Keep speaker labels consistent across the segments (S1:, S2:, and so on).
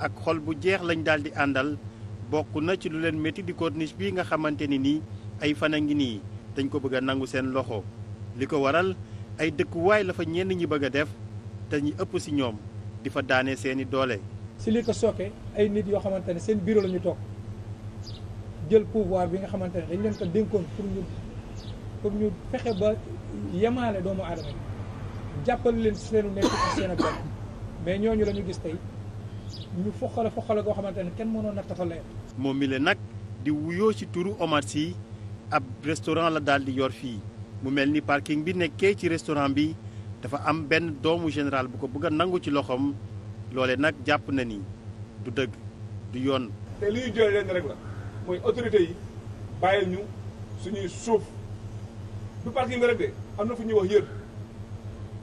S1: ak xol bu jeex lañ daal di àndal bokk na ci lu leen métti di corniche bii nga xamante ni nii ay fan a ngi nii dañ ko bëgg a nangu seen loxo li ko waral ay dëkkuwaay la fa ñenn ñi bëgg a def te ñi ëpp si ñoom di fa daane seeni doole.
S2: si li ko sooke ay nit yoo xamante ne seen bureau la ñu toog jël pouvoir bi nga xamante ne dañ leen ko dénkoon pour ñu pour ñu fexe ba yemaale doomu aadama yi jàppal leen seenu nekk ak seen ak mais ñooñu la ñu gis tey. ñu foqale foqale goo xamante ne kenn mënoon na tatalee.
S1: moom mi le nag di wuyoo ci turu Omar si ab restaurant la daal di yor fii mu mel ni parking bi nekkee ci restaurant bi dafa am benn doomu général bu ko bëgg a nangu ci loxoom loole nag jàpp na ni du dëgg du yoon. te li ñu jëlee leen rek la mooy autorités yi
S3: bàyyil ñu suñuy suuf du parking bi rek de am na fu ñuy wax yër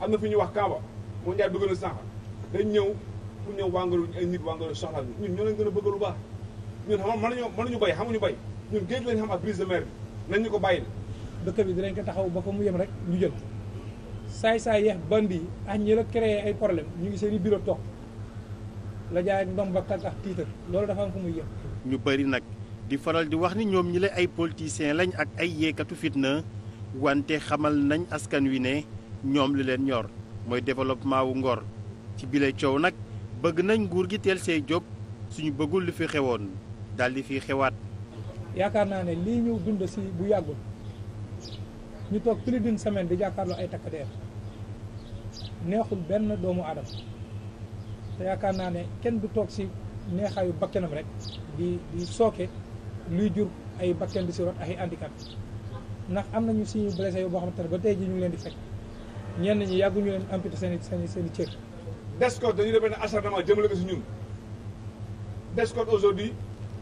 S3: am na fu ñuy wax Kaaba moo njaay bëgg na sànq dañ ñëw. bu ñëw wàngalu ay nit wàngalu soxla ñun ñoo leen gën a bëgg lu baax ñun xam mënuñu mënuñu bay xamuñu bay ñun géej lañ xam ak
S2: brise de mer bi nañ ñu ko bàyyil dëkk bi dinañ ko taxaw ba ko mu yem rek ñu jël saay-saay yeex bandi yi ak ñi la ay problème ñu ngi seen i bureau toog la jaay ak ndomba tànk ak loolu dafa am fu muy
S1: ñu bëri nag di faral di wax ni ñoom ñi la ay politiciens lañ ak ay yeekatu fitna wante xamal nañ askan wi ne ñoom li leen ñor mooy développement wu Ngor ci bile coow nag bëgg nañ nguur gi teel see jóg suñu bëggul lu fi xewoon daal di fi xewaat.
S2: yaakaar naa ne li ñu dund si bu yàggul ñu toog plus semaine di jàkkaarloo ay takk der neexul benn doomu aadama te yaakaar naa ne kenn du toog si neexaayu bakkenam rek di di sooke luy jur ay bakken di si rot ay handicap ndax am nañu suñu blessé yoo boo xamante ne ba tey ji ñu ngi leen di fekk ñenn ñi yàgguñu leen amputé seeni i seen cër DSCOS dañu def benn acharnement jëmale ko si ñun
S3: DSCOS aujourd'hui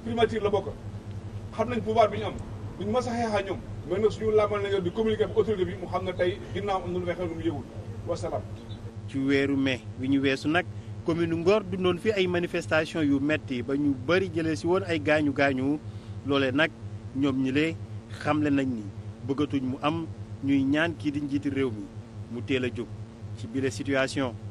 S3: primature la bokk xam nañ pouvoir bi ñu am duñu mës a xeexaa ñoom mais nag suñu laamal nañu di communiquer ak autorité bi mu xam ne tey ginnaaw am na lu may xew lu mu yëgul
S1: wasalaam. ci weeru mai bi ñu weesu nag commune Ngor dundoon fi ay manifestation yu metti ba ñu bëri jëlee si woon ay gaañu gaañu loolee nag ñoom ñi lee xamle nañ ni bëggatuñ mu am ñuy ñaan kii di njiiti réew mi mu téel a jóg ci bile situation.